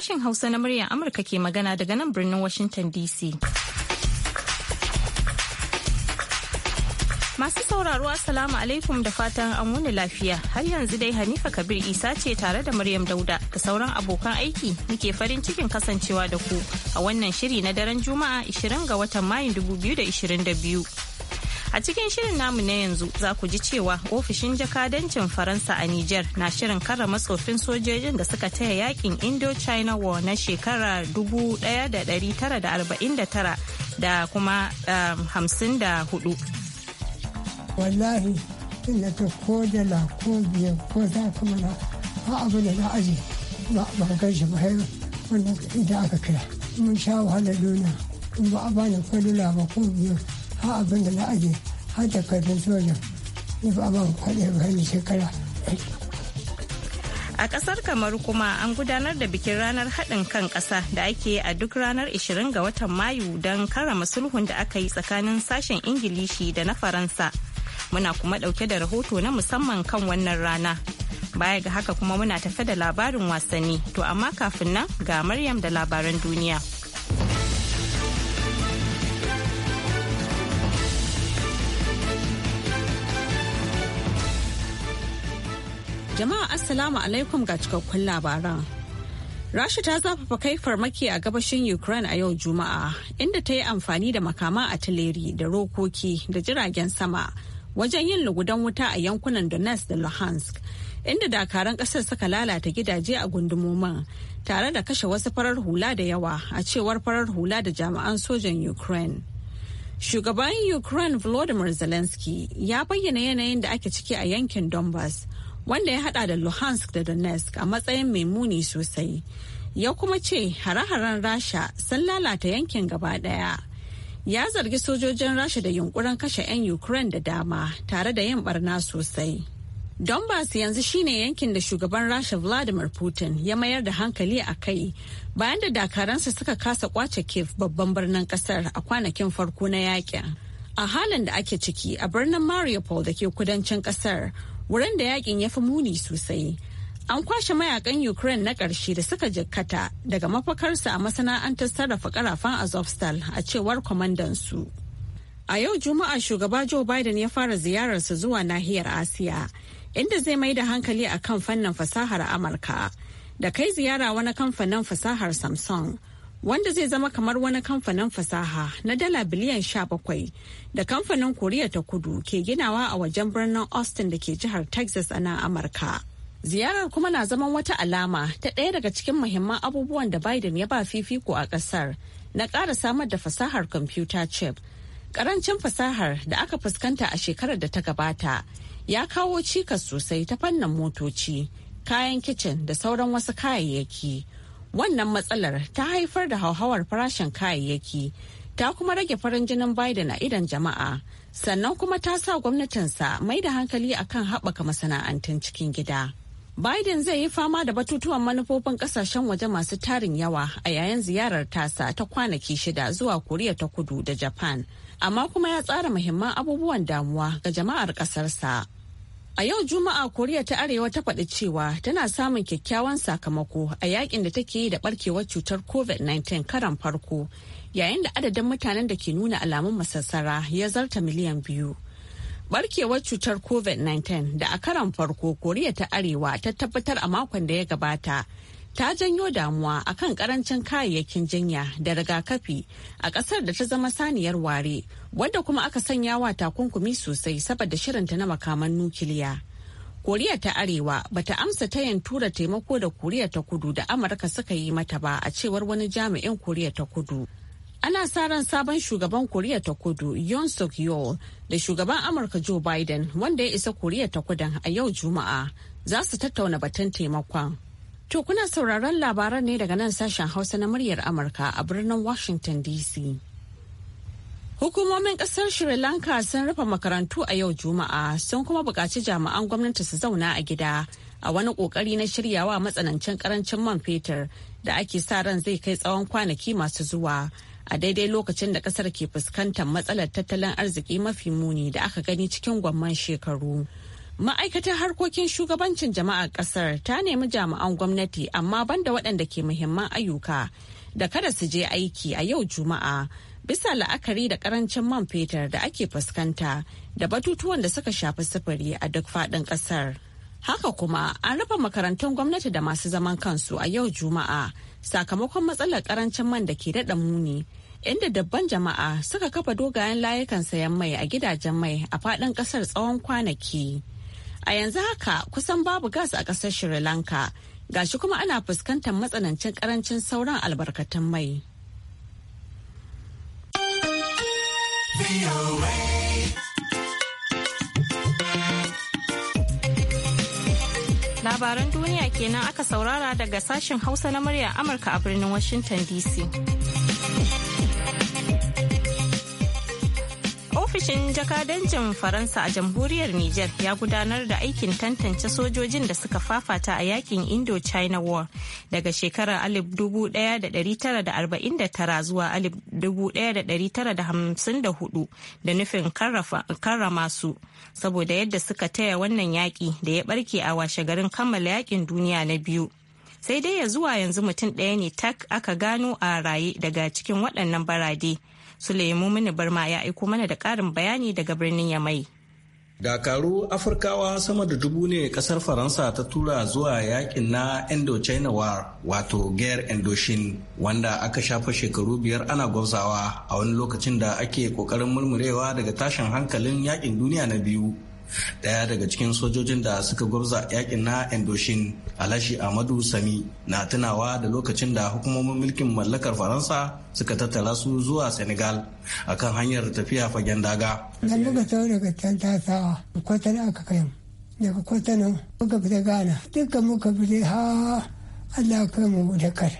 Sashen Hausa na muryar Amurka ke magana daga nan birnin Washington DC. Masu sauraro Assalamu alaikum da fatan an wuni lafiya. Har yanzu dai Hanifa Kabir Isa ce tare da Maryam Dauda da sauran abokan aiki muke farin cikin kasancewa da ku a wannan shiri na daren Juma'a 20 ga watan Mayu 2022. A cikin shirin namu na yanzu za ku ji cewa ofishin jakadancin Faransa a Nijar na shirin karrama tsofin sojojin da suka taya yakin Indo-China War na shekara 1949 da kuma 54. Um, Wallahi, inda ta ko da la ko biyan ko za kuma na ba abu da na aji ba a gan shi ba wannan idan aka kira. Mun sha wahalar duniya, in ba a bani kwalula ba ko biyan ha abin da na aje har da sojan ni ba ban kwaɗe shekara a kasar kamar kuma an gudanar da bikin ranar haɗin kan ƙasa da ake a duk ranar 20 ga watan mayu don karrama sulhun da aka yi tsakanin sashen ingilishi da na faransa muna kuma ɗauke da rahoto na musamman kan wannan rana baya ga haka kuma muna tafe da labarin wasanni to amma kafin nan ga maryam da labaran duniya. Jama'a Assalamu alaikum ga cikakkun labaran. Rasha ta zafafa kai farmaki a gabashin Ukraine a yau Juma'a, inda ta yi amfani da makaman atileri da rokoki da jiragen sama wajen yin lugudan wuta a yankunan Donetsk da Luhansk, inda dakaran ƙasar suka lalata gidaje a gundumomin tare da kashe wasu farar hula da yawa a cewar farar hula da jami'an sojan Ukraine. Shugaban Ukraine Volodymyr Zelensky ya bayyana yanayin da ake ciki a yankin Donbass wanda ya hada da Luhansk da Donetsk a matsayin mai muni sosai. Ya kuma ce hare-haren Rasha sun lalata yankin gaba daya. Ya zargi sojojin Rasha da yunkurin kashe 'yan Ukraine da dama tare da yin barna sosai. Donbass yanzu shine yankin da shugaban Rasha Vladimir Putin ya mayar da hankali a kai bayan da dakaransa suka kasa kwace Kiev babban birnin kasar a kwanakin farko na yakin. A halin da ake ciki a birnin Mariupol da ke kudancin kasar wurin da yakin ya fi muni sosai an kwashe mayakan ukraine na ƙarshe da suka jikkata daga mafakarsa a masana'antar sarrafa karafan azovstal a cewar su. a yau juma'a shugaba joe biden ya fara ziyararsa zuwa nahiyar asiya inda zai mai da hankali a kan fannin fasahar amurka da kai ziyara wani kamfanin fasahar samsung wanda zai zama kamar wani kamfanin fasaha na dala biliyan 17 da kamfanin koriya ta kudu ke ginawa a wajen birnin austin da ke jihar texas a nan amurka ziyarar kuma na zaman wata alama ta ɗaya daga cikin muhimman abubuwan da biden ya ba fifiko a ƙasar na ƙara samar da fasahar kwamfuta chip ƙarancin fasahar da aka fuskanta a shekarar da ta gabata ya kawo cikas sosai ta fannin motoci kayan kicin da sauran wasu kayayyaki Wannan matsalar ta haifar da hauhawar farashin kayayyaki, ta kuma rage farin jinin Biden a idan jama'a, sannan kuma ta sa gwamnatinsa mai da hankali akan haɓaka masana'antun cikin gida. Biden zai yi fama da batutuwan manufofin kasashen waje masu tarin yawa a yayin ziyarar tasa ta kwanaki shida zuwa Koriya ta kudu da Japan, amma kuma ya tsara muhimman abubuwan damuwa ga jama'ar ƙasarsa. A yau Juma'a Koriya ta Arewa ta faɗi cewa tana samun kyakkyawan sakamako a yakin da take yi da barkewar cutar COVID-19 karan farko yayin da adadin mutanen da ke nuna alamun masassara ya zarta miliyan biyu. Barkewar cutar COVID-19 da a karan farko Koriya ta Arewa ta tabbatar a makon da ya gabata ta janyo damuwa akan karancin kayayyakin jinya da rigakafi a kasar da ta zama saniyar ware wadda kuma aka sanya wa takunkumi sosai saboda shirinta na makaman nukiliya koriya ta arewa bata amsa tayin tura taimako da koriya ta kudu da amurka suka yi mata ba a cewar wani jami'in koriya ta kudu ana sa ran sabon shugaban koriya ta kudu yon suk yol da shugaban amurka joe biden wanda ya isa koriya ta kudan a yau juma'a za su tattauna batun taimakon To kuna sauraron labaran ne daga nan sashen Hausa na muryar Amurka a birnin Washington DC. Hukumomin kasar Sri Lanka sun rufe makarantu a yau Juma'a sun kuma buƙaci jami'an gwamnati su zauna a gida a wani ƙoƙari na shiryawa matsanancin ƙarancin man fetur da ake sa ran zai kai tsawon kwanaki masu zuwa a daidai lokacin da kasar ke fuskantar matsalar tattalin arziki mafi muni da aka gani cikin gwamman shekaru. Ma'aikatar harkokin shugabancin jama'a ƙasar ta nemi jami'an gwamnati amma banda waɗanda ke muhimman ayyuka da kada su je aiki a yau Juma'a bisa la'akari da ƙarancin man fetur da ake fuskanta da batutuwan da suka shafi sufuri a duk faɗin ƙasar. Haka kuma an rufe makarantun gwamnati da masu zaman kansu a yau Juma'a sakamakon matsalar ƙarancin man da ke daɗa muni. inda dabban jama'a suka kafa dogayen layukan sayan mai a gidajen mai a faɗin ƙasar tsawon kwanaki. A yanzu haka kusan babu gas a ƙasar Sri Lanka, gashi kuma ana fuskantar matsanancin ƙarancin sauran albarkatun mai. Labaran duniya kenan aka saurara daga sashen Hausa na murya Amurka a birnin Washington DC. Ofishin jakadancin Faransa a jamhuriyar Nijar ya gudanar da aikin tantance sojojin da suka fafata a yakin Indo-China War daga shekarar 1949 zuwa 1954 da nufin karrama su saboda yadda suka taya wannan yaƙi da ya barke a washe garin kammala yakin duniya na biyu. Sai dai ya zuwa yanzu mutum ɗaya ne tak aka gano a raye daga cikin waɗannan barade. Suleimu Mini Barma ya aiko mana da ƙarin bayani daga birnin Yamai. Dakaru Afirkawa sama da dubu ne kasar Faransa ta tura zuwa yakin na Indochina War wato Guerre Indochine wanda aka shafa shekaru biyar ana gwazawa a wani lokacin da ake kokarin murmurewa daga tashin hankalin yakin duniya na biyu. daya daga cikin sojojin da suka gwabza yakin na endoshin alashi amadu sami na tunawa da lokacin da hukumomin mulkin mallakar faransa suka tattara su zuwa senegal kan hanyar tafiya fagen daga muka daga can aka kai daga muka fita gana duka muka fita ha allah kai mu aka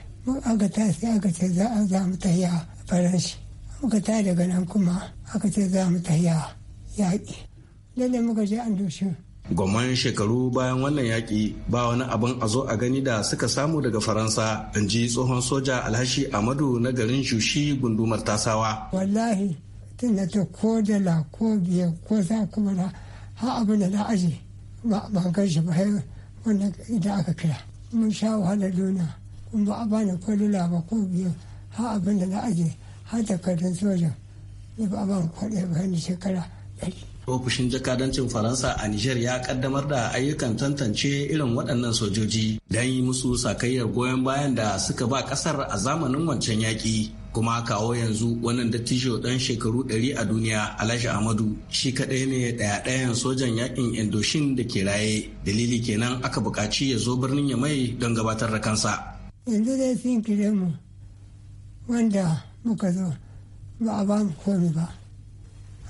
aka ce za a za mu tahiya faransa muka ta daga nan kuma aka ce za mu tahiya yaƙi lalle muka je an doshe shekaru bayan wannan yaki ba wani abin a zo a gani da suka samu daga faransa in ji tsohon soja alhashi amadu na garin shushi gundumar tasawa wallahi tun da ta ko da la ko biya ko za kuma na ha abin da na aji ba ban shi ba wannan idan aka kira mun sha wahala duna kun ba a bani ko lula ba ko biya ha abin da na aji har da kadin soja ba a ban kwaɗe ba ni shekara ɗari ofishin jakadancin faransa a niger ya kaddamar da ayyukan tantance irin waɗannan sojoji don yi musu sakayyar goyon bayan da suka ba ƙasar a zamanin wancan yaƙi kuma kawo yanzu wannan dattijo ɗan shekaru 100 a duniya alhaji amadu shi kaɗai ne ɗaya ɗayan sojan yaƙin indoshin da ke raye dalili kenan aka buƙaci ya zo birnin ya mai don gabatar da kansa yanzu dai sun kire mu wanda muka zo ba a ba mu komi ba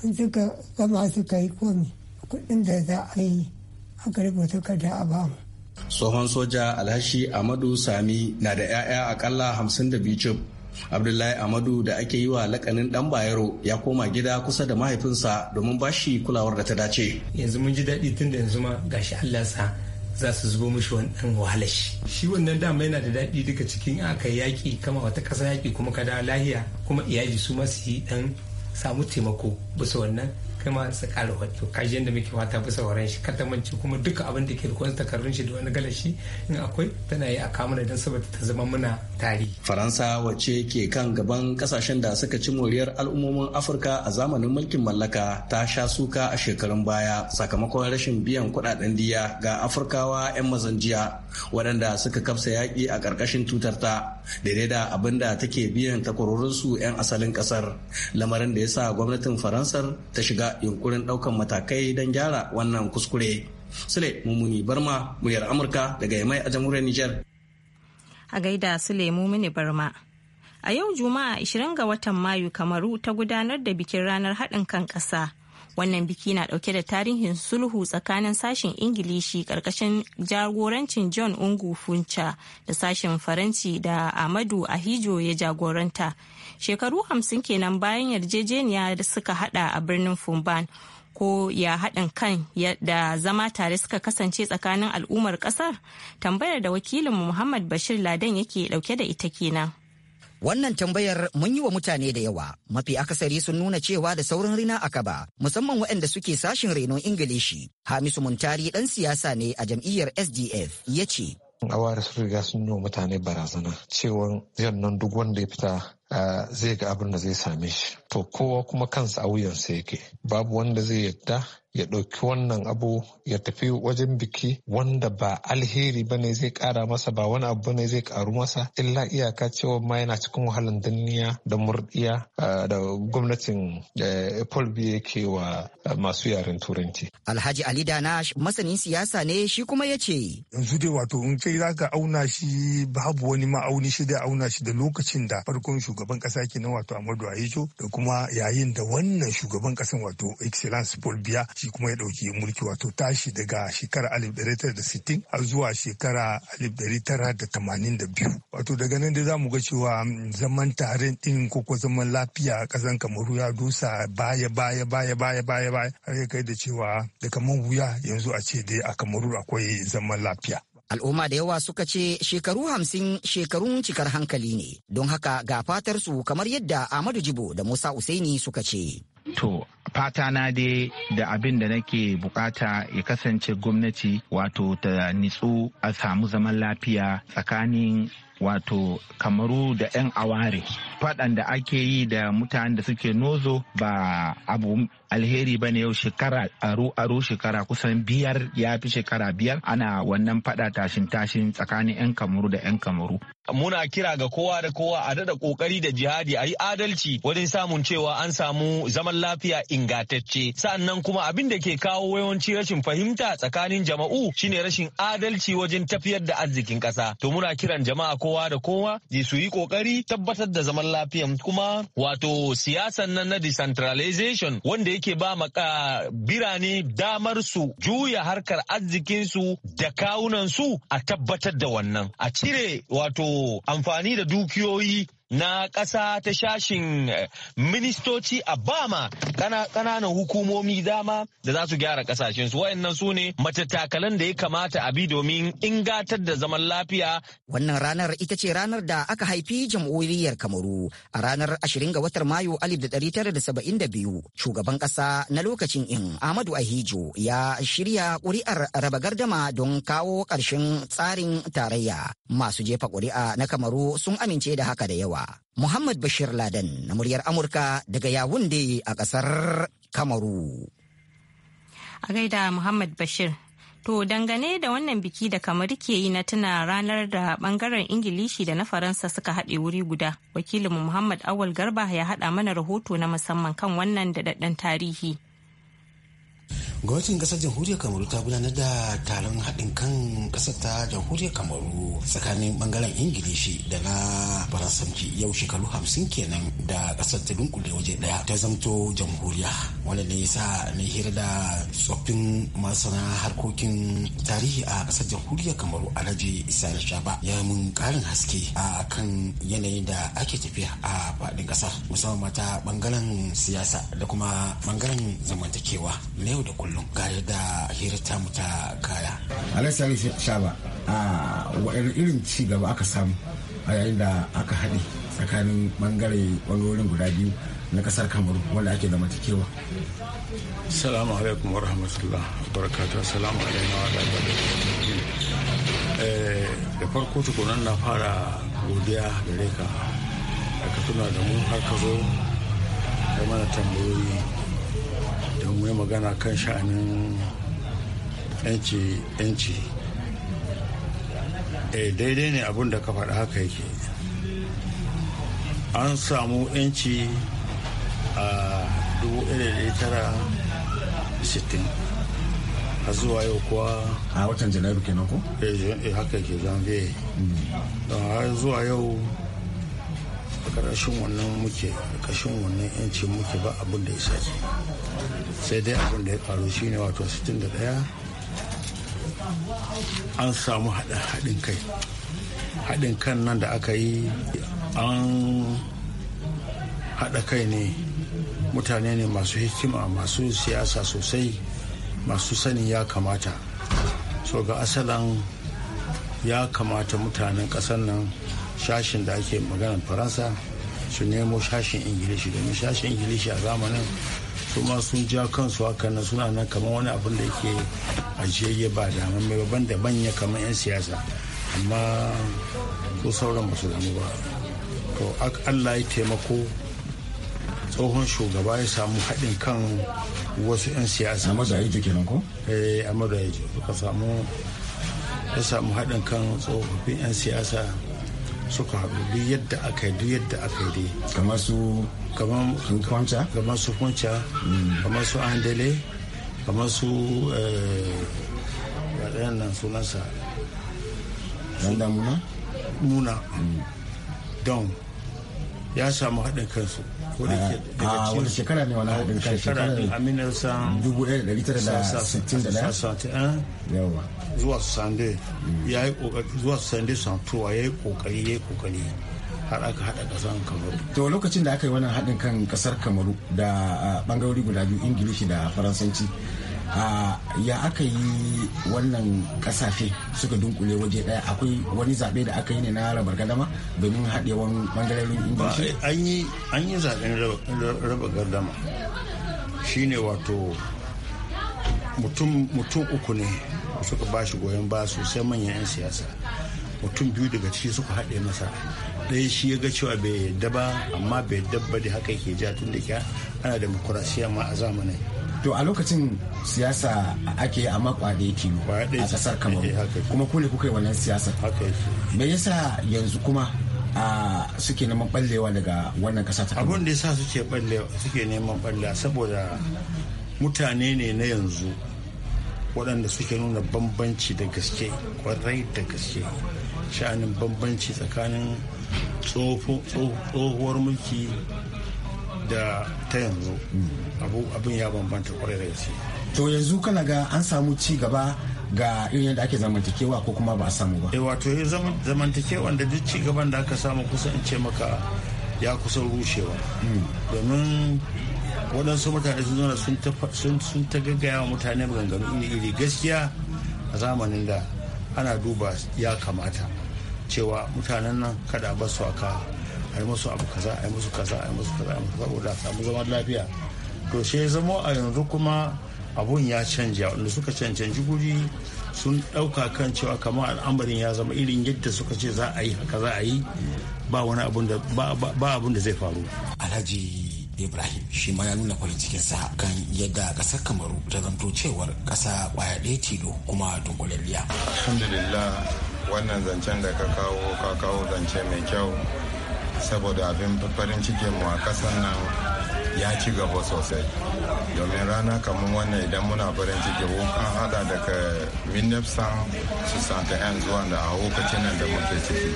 in suka gama suka yi komi kuɗin da za a yi aka rubuta kada a bamu tsohon soja alhashi amadu sami na da 'ya'ya akalla hamsin da biyu abdullahi amadu da ake yi wa lakanin dan bayero ya koma gida kusa da mahaifinsa domin ba shi kulawar da ta dace yanzu mun ji daɗi tun da yanzu ma gashi allah sa za su zubo mishi wani dan wahalar shi wannan dama yana da daɗi duka cikin aka yaƙi kama wata ƙasa yaƙi kuma kada lahiya kuma iyali su masu yi ɗan. samu taimako bisa wannan kai ma su kara wato kaji yadda muke wata bisa wurin shi ka tamanci kuma duka abin da ke da wani shi da wani galashi in akwai tana yi a kamuna don saboda ta zama muna tari. faransa wacce ke kan gaban kasashen da suka ci moriyar al'ummomin afirka a zamanin mulkin mallaka ta sha suka a shekarun baya sakamakon rashin biyan kudaden diya ga afirkawa 'yan mazanjiya waɗanda suka kafsa yaƙi a ƙarƙashin tutarta daidai da abin da take biyan takwarorinsu 'yan asalin ƙasar lamarin da ya sa gwamnatin faransar ta shiga yunkurin ɗaukan matakai don gyara wannan kuskure. Sule Mumuni Barma, muryar Amurka daga Yamai a jamhuriyar Nijar. A gaida Sule Mumuni Barma. A yau Juma'a 20 ga watan Mayu Kamaru ta gudanar da bikin ranar haɗin kan ƙasa. wannan biki na dauke da tarihin sulhu tsakanin sashen ingilishi karkashin jagorancin john ungu funcha da sashen faranci da amadu ahijo ya jagoranta shekaru hamsin kenan bayan yarjejeniya da suka hada a birnin fumban ko ya haɗin kan yadda zama tare suka kasance tsakanin al'ummar ƙasar tambayar da wakilin muhammad bashir ladan yake ɗauke da ita kenan Wannan tambayar mun yi wa mutane da yawa, mafi akasari sun nuna cewa da saurin rina aka ba, musamman waɗanda suke sashin renon Ingilishi. Hamisu Muntari ɗan siyasa ne a jam'iyyar SDF ya ce. Awara sun riga sun yi wa mutane barazana cewa nan duk wanda ya fita zai ga abin da zai same shi to kowa kuma kansa a wuyan wuyansa yake babu wanda zai yadda ya ɗauki wannan abu ya tafi wajen biki wanda ba alheri ba ne zai ƙara masa ba wani abu ne zai ƙaru masa illa iyaka cewa ma yana cikin wahalan danniya da murɗiya da gwamnatin e, paul B. yake wa masu yaren turanci. alhaji ali danash masanin siyasa ne shi kuma ya ce. yanzu dai wato in kai za ka auna shi babu wani ma'auni shi da auna shi da lokacin da farkon shuga. shugaban kasa kenan wato Amadu Ahijo da kuma yayin da wannan shugaban kasan wato Excellence Paul Biya shi kuma ya dauki mulki wato tashi daga shekara 1960 har zuwa shekara 1982 wato daga nan da zamu ga cewa mm, zaman tarin din ko ko zaman lafiya a kasan Kamaru ya dusa baya baya baya baya baya baya har ya kai da cewa da kaman wuya yanzu a ce dai a Kamaru akwai zaman lafiya Al'umma da yawa suka ce shekaru hamsin shekarun cikar hankali ne, don haka ga fatar su kamar yadda Ahmadu Jibo da Musa Usaini suka ce. To, fata na dai da abin da nake bukata ya kasance gwamnati wato ta nitsu a samu zaman lafiya tsakanin wato kamaru da 'yan aware fadan da ake yi da mutanen da suke nozo ba abu alheri ba ne yau shekara aru aru shekara kusan biyar ya fi shekara biyar ana wannan fada tashin tashin tsakanin 'yan kamaru da 'yan kamaru muna kira ga kowa da kowa a dada kokari da jihadi a yi adalci wajen samun cewa an samu zaman lafiya ingantacce sannan kuma abin da ke kawo yawanci rashin fahimta tsakanin jama'u shine rashin adalci wajen tafiyar da arzikin ƙasa to muna kiran jama'a ko kowa da kowa su yi kokari tabbatar da zaman lafiya kuma wato siyasan nan na decentralization wanda yake ba maka ah, birane damar su juya harkar arzikinsu da kawunan su a tabbatar da wannan a cire wato amfani da dukiyoyi na ƙasa ta shashin eh, ministoci a bama ƙananan hukumomi dama da za su gyara ƙasashen su wayannan su ne matattakalan da ya kamata a bi domin ingatar da zaman lafiya. Wannan ranar ita ce ranar da aka haifi jamhuriyar Kamaru a ranar 20 ga watan Mayu 1972 shugaban ƙasa na lokacin in Ahmadu Ahijo ya shirya ƙuri'ar raba gardama don kawo ƙarshen tsarin tarayya masu jefa ƙuri'a na Kamaru sun amince da haka da yawa. Muhammad Bashir Laden na muryar Amurka daga Yawunde a ƙasar Kamaru. A gaida Muhammad Bashir. To dangane da wannan biki da kamar ke yi na tuna ranar da bangaren Ingilishi da na Faransa suka haɗe wuri guda, wakilinmu Muhammad Awal Garba ya haɗa mana rahoto na musamman kan wannan daɗaɗɗen tarihi. gwamnatin kasar jamhuriyar kamaru ta gudanar da taron haɗin kan kasar ta jamhuriyar kamaru tsakanin bangaren ingilishi da na faransanci yau shekaru hamsin kenan da kasar ta dunkule waje daya ta zamto jamhuriya wanda ne yasa na hira da tsoffin masana harkokin tarihi a kasar jamhuriyar kamaru alhaji isa shaba ya mun karin haske a kan yanayin da ake tafiya a faɗin kasar musamman mata bangaren siyasa da kuma bangaren zamantakewa na yau da kullum kullum ga yadda hirta mu ta kaya alhaji shaba a waɗanne irin ci gaba aka samu a yayin da aka haɗe tsakanin bangare ɓangarorin guda biyu na ƙasar kamaru wanda ake zamantakewa salamu alaikum wa rahmatullah barakatu salamu alaikum wa rahmatullah eh, da farko tukunan na fara godiya gare ka da ka tuna da mu har ka zo da mana tambayoyi mu yi magana kan sha'anin yanci eh daidai ne abin da ka faɗa haka yake an samu yanci a 1960 a zuwa yau kuwa a watan janairu kenan ko? eh, eh haka yake zambe mm. don har zuwa yau a ƙarƙashin wannan muke ƙarƙashin wannan yanci muke ba abin da ya sake sai dai abin da ya faru shine wato 61 an samu haɗin kai haɗin kan nan da aka yi an haɗa kai ne mutane ne masu hikima masu siyasa sosai masu sani ya kamata so ga asalan ya kamata mutanen ƙasar nan shashin da ake maganar faransa su nemo shashin ingilishi domin shashin ingilishi a zamanin su ma sun ja kansu haka na suna nan kamar wani abin da yake ajiyayye ba dama mai babban da manya kamar 'yan siyasa amma su sauran ba su damu ba to allah ya taimako tsohon shugaba ya samu haɗin kan wasu 'yan siyasa amadu ayijo kenan ko? eh amadu ayijo ya samu haɗin kan tsofaffin 'yan siyasa suka haɗu duk yadda aka yi duk yadda aka yi kamar su kwanca kamar su kwanca mm. kamar su andale kamar su eh, ɗayan nan sunansa wanda muna muna mm. don ya samu haɗin kansu wani ko da ke ah, daga cikin shekara ne wani daga cikin da din Aminu San da. Eh? yawa zuwa Sande mm. ya yi kokari zuwa Sande Santuwa ya yi kokari ya yi kokari har aka haɗa ƙasar kamaru to lokacin da aka yi wannan haɗin kan ƙasar kamaru da bangarori ah, guda biyu ingilishi da faransanci Ah, ya aka yi wannan kasashe suka dunkule waje daya akwai wani zaɓe da aka yi ne na raba gardama domin haɗewan ɓangarorin ingilishi eh, an yi zaɓen raba gardama shine wato mutum uku ne suka ba shi goyon ba sosai manyan 'yan siyasa mutum biyu daga ciki suka haɗe masa ɗaya shi ya ga cewa bai yadda ba amma bai yadda ba da haka yake ja tun da ana demokrasiya ma a zamanin to a lokacin siyasa ake amma kwade yake a kasar eh, kamar kuma kule kuka yi wannan siyasa me yasa yanzu kuma a suke neman ballewa daga wannan kasa ta abin da yasa suke suke neman ballewa saboda mutane ne na yanzu waɗanda suke nuna bambanci da gaske kwarai da gaske sha'anin bambanci tsakanin tsohuwar mulki da ta yanzu mm. abu abin ya bambanta kwarai da gaske to yanzu kana ga an samu ci gaba ga irin yadda ake zamantakewa ko kuma ba a samu ba eh wato yin eh, zamantakewa da duk ci gaban da aka samu kusa in ce maka ya kusa rushewa hmm. domin waɗansu mutane sun zauna sun ta gaggaya wa mutane maganganu iri-iri gaskiya a zamanin da ana duba ya kamata cewa mutanen nan kada ba su aka a yi musu abu kaza a yi musu kaza a yi musu kaza a yi musu saboda samu zaman lafiya to sai zama a yanzu kuma abun ya canja wanda suka cancanci guri sun ɗauka kan cewa kamar al'amarin ya zama irin yadda suka ce za a yi haka za a yi ba wani abun da zai faru alhaji ibrahim shi ma ya nuna farin sa kan yadda kasar kamaru ta zanto cewar kasa kwaya ɗaya tilo kuma dunkulalliya alhamdulillah wannan zancen da ka kawo ka kawo zance mai kyau saboda abin farin cikin mu a kasan nan ya ci gaba sosai domin rana kamar wannan idan muna farin ciki an hada daga minnefsan su santa yan zuwa da a lokacin nan da muke ciki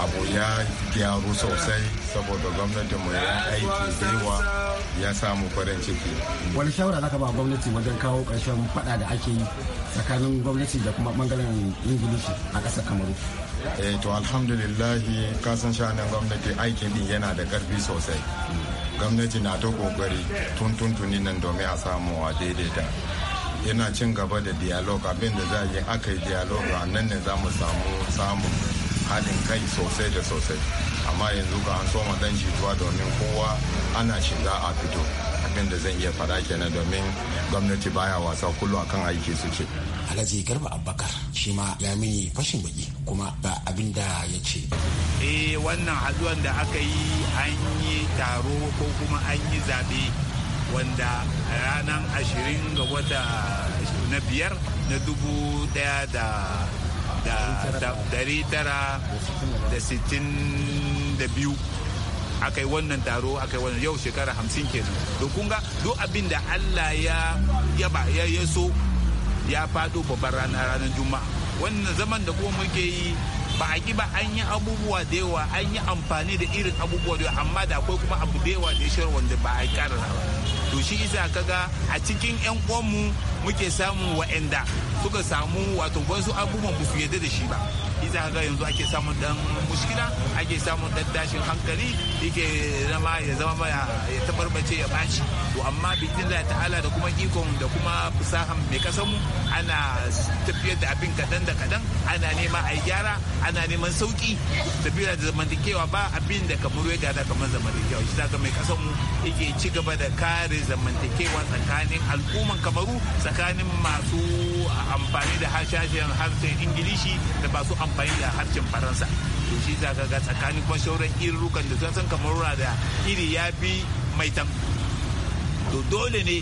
abu ya gyaru sosai saboda gwamnatinmu ya aiki baiwa ya samu farin ciki. wani shawara zaka ba gwamnati wajen kawo ƙarshen fada da ake yi tsakanin gwamnati da kuma bangaren ingilishi a ƙasar kamaru eh to alhamdulillahi kasan sha'anin gwamnati aikin din yana da karfi sosai gwamnati na ta kokari tun tuntuni nan domin a samu a daidaita yana cin gaba da dialog abin da za a yi aka yi dialog a nan ne za mu samu samun haɗin kai sosai da sosai amma yanzu ka an soma dan jituwa domin kowa ana shiga a fito abin da zan iya faɗa kenan domin gwamnati baya wasa kullum akan aiki suke alhaji garba abubakar shi ma ya mini fashin baki kuma ba abin da ya ce eh wannan haduwan da aka yi an yi taro ko kuma an yi zaɓe wanda ranar ashirin ga wata na biyar na dubu daya da dari tara da sittin da biyu aka yi wannan taro aka yi wannan yau shekara hamsin kenan to kun ga duk abin da allah ya yaba ya yaso ya fado babban ranar juma'a wannan zaman da kuma muke yi ba a ba an yi abubuwa da yawa an yi amfani da irin abubuwa da yawa amma da akwai kuma abu da yawa da ya shirya wanda ba a yi karara ba to shi isa kaga a cikin yan mu muke samun wa'anda suka samu wato wasu abubuwan ba su yadda da shi ba isa kaga yanzu ake samun dan muskila ake samun ɗan tashin hankali yake zama ya zama ya tabarbace ya ɓaci to amma bikin ta'ala da kuma ikon da kuma fusahan mai kasanmu ana tafiyar da abin kadan da kadan ana nema a gyara ana neman sauki tafiya da zamantakewa ba abin da kamar ya gada kamar zamantakewa shi ga mai kasanmu yake ci gaba da kare zamantakewa tsakanin al'umman kamaru tsakanin masu amfani da harshen harshen ingilishi da masu amfani da harshen faransa to shi za ka ga tsakanin kuma shauran irrukan da sun san kamar da iri ya fi mai tam to dole ne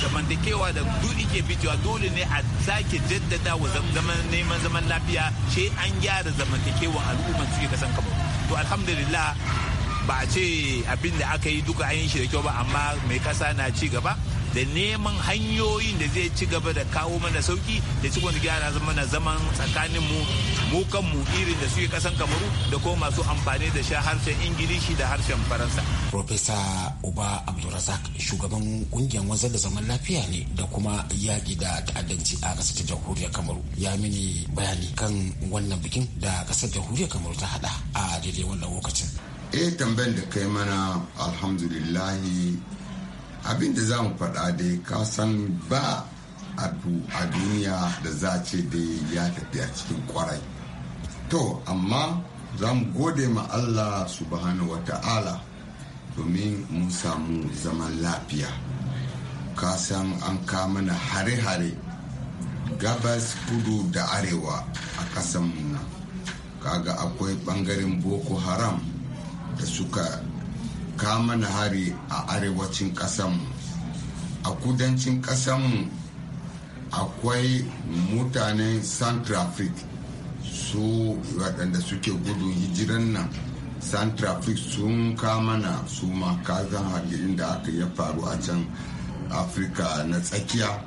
zamantakewa da duk ke fitowa dole ne a sake jaddada wa zaman neman zaman lafiya ce an gyara zamantakewa al'umma suke kasan kamar to alhamdulillah ba a ce abin da aka yi duka an yi shi da kyau ba amma mai kasa na ci gaba da neman hanyoyin da zai ci gaba da kawo mana sauki da ci gaba da gyara mana zaman tsakanin mu mu kanmu irin da suke kasan kamaru da kuma masu amfani da sha harshen ingilishi da harshen faransa. Profesa Uba Abdulrazak shugaban kungiyar wanzar da zaman lafiya ne da kuma yaƙi da ta'addanci a ƙasar ta jamhuriyar Kamaru ya mini bayani kan wannan bikin da ƙasar jamhuriyar Kamaru ta haɗa a daidai wannan lokacin. Eh tambayar da kai mana alhamdulillahi abin da za mu faɗa dai ka san ba abu a duniya da za ce dai ya tafi a cikin kwarai to amma za mu gode ma allah subhanahu wa ta'ala domin mu samu zaman lafiya ka san an mana hare-hare gabas kudu da arewa a ƙasanmu nan kaga akwai ɓangaren boko haram da suka Kamana na hari a arewacin ƙasanmu a kudancin ƙasanmu akwai mutanen centrafric su waɗanda suke gudun hijiran nan centrafric sun kama suma, su ma kazan hadirin da aka ya faru a can afirka na tsakiya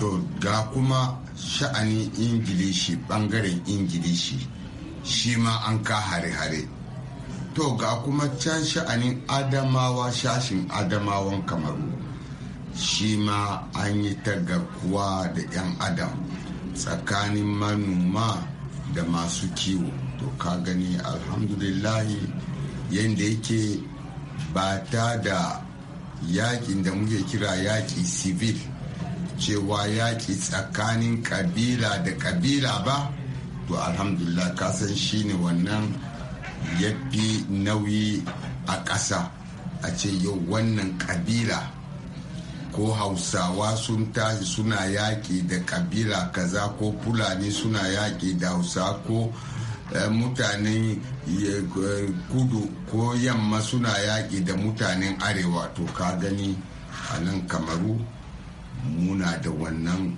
to ga kuma sha'anin ingilishi ɓangaren ingilishi shi ma an ka hare-hare to ga kuma can sha'anin adamawa shashin adamawan kamaru shi ma an yi ta garkuwa da 'yan adam tsakanin manoma da masu kiwo to ka gani alhamdulillahi yadda yake ba ta da yakin da muke kira yaki civil cewa yaki tsakanin kabila da kabila ba to alhamdulillah kasan ne wannan ya fi nauyi a ƙasa a ce yau wannan ƙabila ko hausawa sun tashi suna yaƙi da ƙabila kaza ko fulani suna yaƙi da hausa ko eh, mutanen kudu ko yamma suna yaƙi da mutanen arewa to ka gani a nan kamaru muna da wannan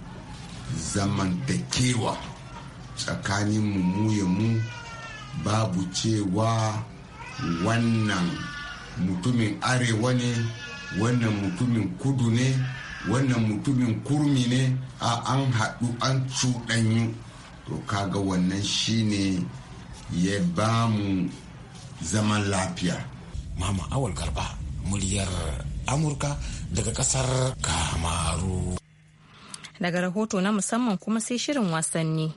zamantakewa tsakanin mu ya mu babu cewa wannan mutumin arewa ne wannan mutumin kudu ne wannan mutumin kurmi ne a an haɗu an cuɗanyu to kaga wannan shine ya ba mu zaman lafiya mama awal garba muliyar amurka daga kasar kamaru daga rahoto na musamman kuma sai shirin wasanni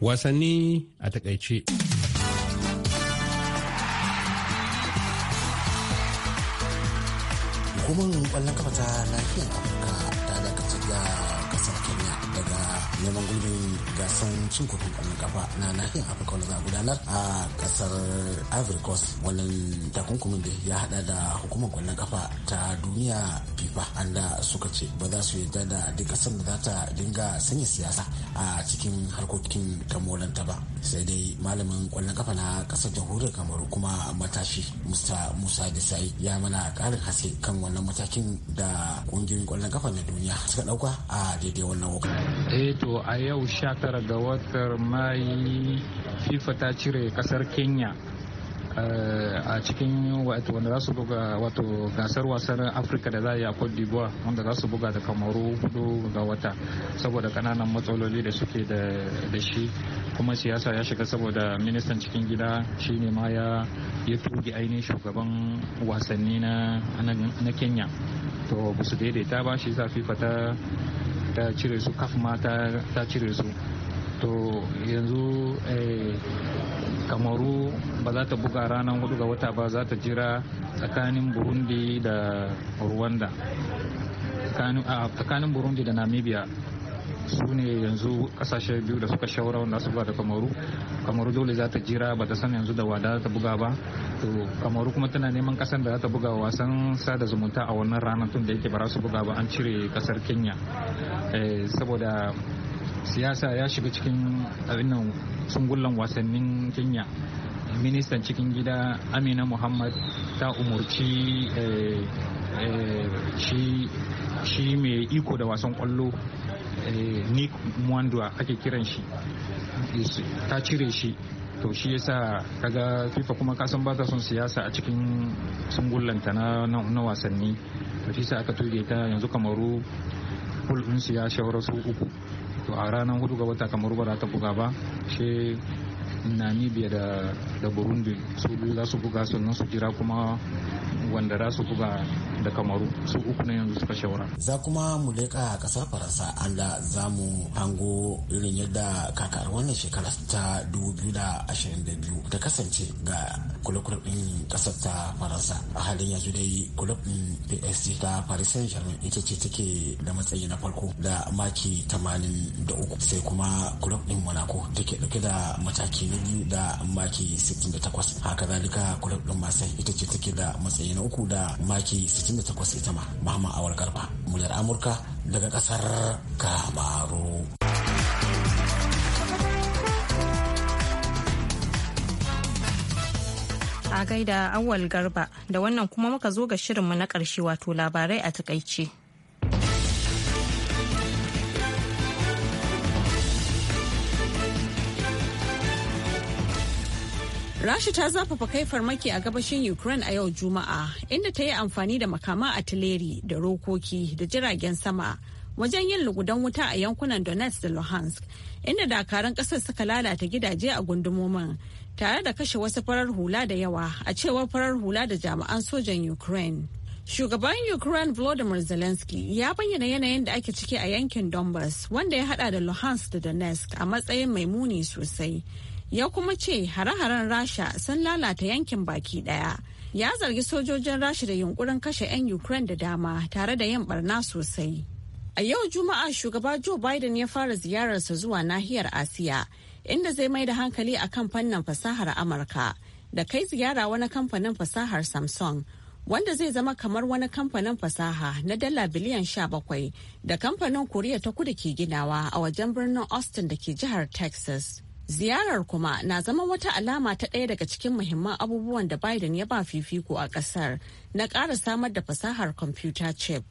wasanni a takaice. hukumar ƙwallon kafa ta lafiyar afirka ta dakatar da kasar Kenya daga neman gulbin gasan cin kofin kwallon kafa na nahiyar Afirka wanda za a gudanar a kasar Ivory Coast wannan takunkumin da ya hada da hukumar kwallon kafa ta duniya FIFA anda suka ce ba za su yarda da duk kasar da za ta dinga sanya siyasa a cikin harkokin kamolanta ba sai dai malamin kwallon kafa na kasar jamhuriyar kamaru kuma matashi musta musa desai ya mana karin haske kan wannan matakin da kungiyoyin kwallon kafa na duniya suka dauka a daidai wannan eh to a yau sha tara ga watar mai fifa ta cire kasar kenya eh, a cikin wato wanda za su buga wato gasar wasan afirka da za a yi a cote d'ivoire wanda za su buga da kamaru hudu ga wata saboda kananan matsaloli da suke da shi kuma siyasa ya shiga saboda ministan cikin gida shi ne ma ya ya tuge ainihin shugaban wasanni na kenya to ba su daidaita ba shi sa fifa ta ta cire su kaf ma ta cire su to yanzu eh, kamaru ba za ta buga ranar hudu ga wata ba za ta jira tsakanin burundi da rwanda tsakanin burundi da namibia su ne yanzu kasashe biyu da suka shawara wanda su ba da kamaru kamaru dole za ta jira ba ta san yanzu da wada ta buga ba to kamaru kuma tana neman kasar da za ta buga wasan sada zumunta a wannan ranar tun da yake ba su buga ba an cire kasar kenya eh, saboda siyasa ya shiga cikin abin nan sungullan wasannin kenya ministan cikin gida amina muhammad ta umarci eh, eh, shi shi mai iko da wasan kwallo eh, nick Mwandu ake kiran shi ta cire shi to shi yasa kaga fifa kuma kasan ba ta son siyasa a cikin sungullanta na wasanni to shi aka tuge ta yanzu kamaru pul su ya shawara su uku to a ranar hudu ga wata kamaru ba za ta buga ba shi namibia da burundi su biyu za su buga sannan su jira kuma wanda za su buga da kamaru su uku ne yanzu suka shawara za kuma mu leƙa ƙasar faransa allah za mu hango irin yadda kakar wannan shekara ta 2022 ta kasance ga kulokul ɗin ƙasar ta faransa a halin yanzu dai kulob ɗin psg ta paris saint germain ita ce take da matsayi na farko da maki 83 sai kuma kulob ɗin monaco take ɗauke da mataki na biyu da maki 68 haka zalika kulob ɗin masai ita ce take da matsayi na uku da maki 60 58 ita ma mama awar garba muryar amurka daga kasar kamaru a gaida awal garba da wannan kuma muka zo ga shirinmu na ƙarshe wato labarai a takaice Rasha ta zafafa kai farmaki a gabashin Ukraine a yau Juma'a, inda ta yi amfani da makaman atileri da rokoki da jiragen sama wajen yin lugudan wuta a yankunan Donetsk da Luhansk, inda dakarun ƙasar suka lalata gidaje a gundumomin, tare da kashe wasu farar hula da yawa a cewar farar hula da jami'an sojan Ukraine. Shugaban Ukraine Volodymyr Zelensky ya bayyana yanayin da ake ciki a yankin Donbass, wanda ya hada da Luhansk da Donetsk a matsayin mai muni sosai. ya kuma ce hare-haren rasha sun lalata yankin baki daya ya zargi sojojin rasha da yunkurin kashe 'yan ukraine da dama tare da yin barna sosai a yau juma'a shugaba joe biden ya fara ziyararsa zuwa nahiyar asiya inda zai mai da hankali a kan fannin fasahar amurka da kai ziyara wani kamfanin fasahar samsung wanda zai zama kamar wani kamfanin fasaha na dala biliyan 17 da kamfanin koriya ta kudu ke ginawa a wajen birnin austin da ke jihar texas Ziyarar kuma na zama wata alama ta ɗaya daga cikin muhimman abubuwan da Biden ya ba fifiko a ƙasar na ƙara samar da fasahar kwamfuta chip.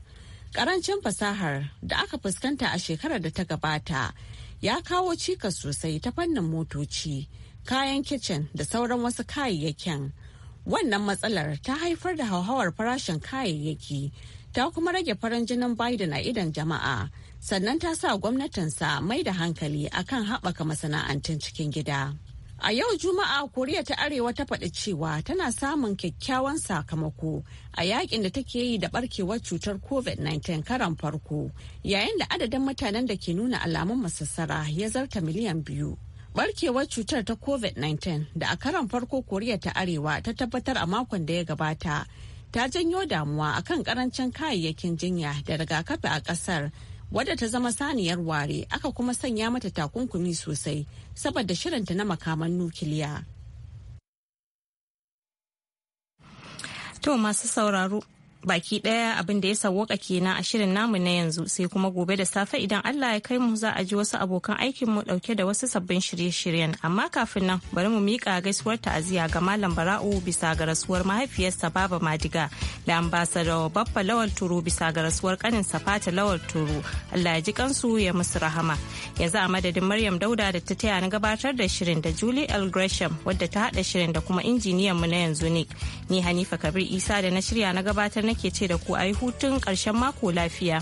Ƙarancin fasahar da aka fuskanta a shekarar da ta gabata ya kawo cikas sosai ta fannin motoci, kayan kicin da sauran wasu kayayyakin. Wannan matsalar ta haifar da hauhawar farashin kayayyaki ta kuma rage farin jinin Biden a idon jama'a. sannan ta sa gwamnatinsa mai da hankali akan haɓaka masana'antun cikin gida. A yau Juma'a Koriya ta Arewa ta faɗi cewa tana samun kyakkyawan sakamako a yakin da take yi da barkewar cutar COVID-19 karan farko yayin da adadin mutanen da ke nuna alamun masassara ya zarta miliyan biyu. Barkewar cutar ta COVID-19 da a karan farko Koriya ta Arewa ta tabbatar a makon da ya gabata ta janyo damuwa akan karancin kayayyakin jinya da rigakafi a ƙasar wadda ta zama saniyar ware aka kuma sanya mata takunkumi sosai saboda shirinta na makaman nukiliya. To masu sauraro baki daya abin da ya sawwaka kenan a shirin namu na yanzu sai kuma gobe da safe idan Allah ya kai mu za a ji wasu abokan aikin mu dauke da wasu sabbin shirye-shiryen amma kafin nan bari mu mika gaisuwar ta'aziyya ga malam Bara'u bisa ga rasuwar mahaifiyarsa Baba Madiga da ambassador Baffa Lawal Turu bisa ga rasuwar kanin Safata Lawal Turu Allah ya ji kansu ya musu rahama yanzu a madadin Maryam Dauda da ta taya ni gabatar da shirin da Julie L Gresham wadda ta hada shirin da kuma injiniyan mu na yanzu ne ni Hanifa Kabir Isa da na shirya na gabatar na ke ce da ku a yi hutun ƙarshen mako lafiya.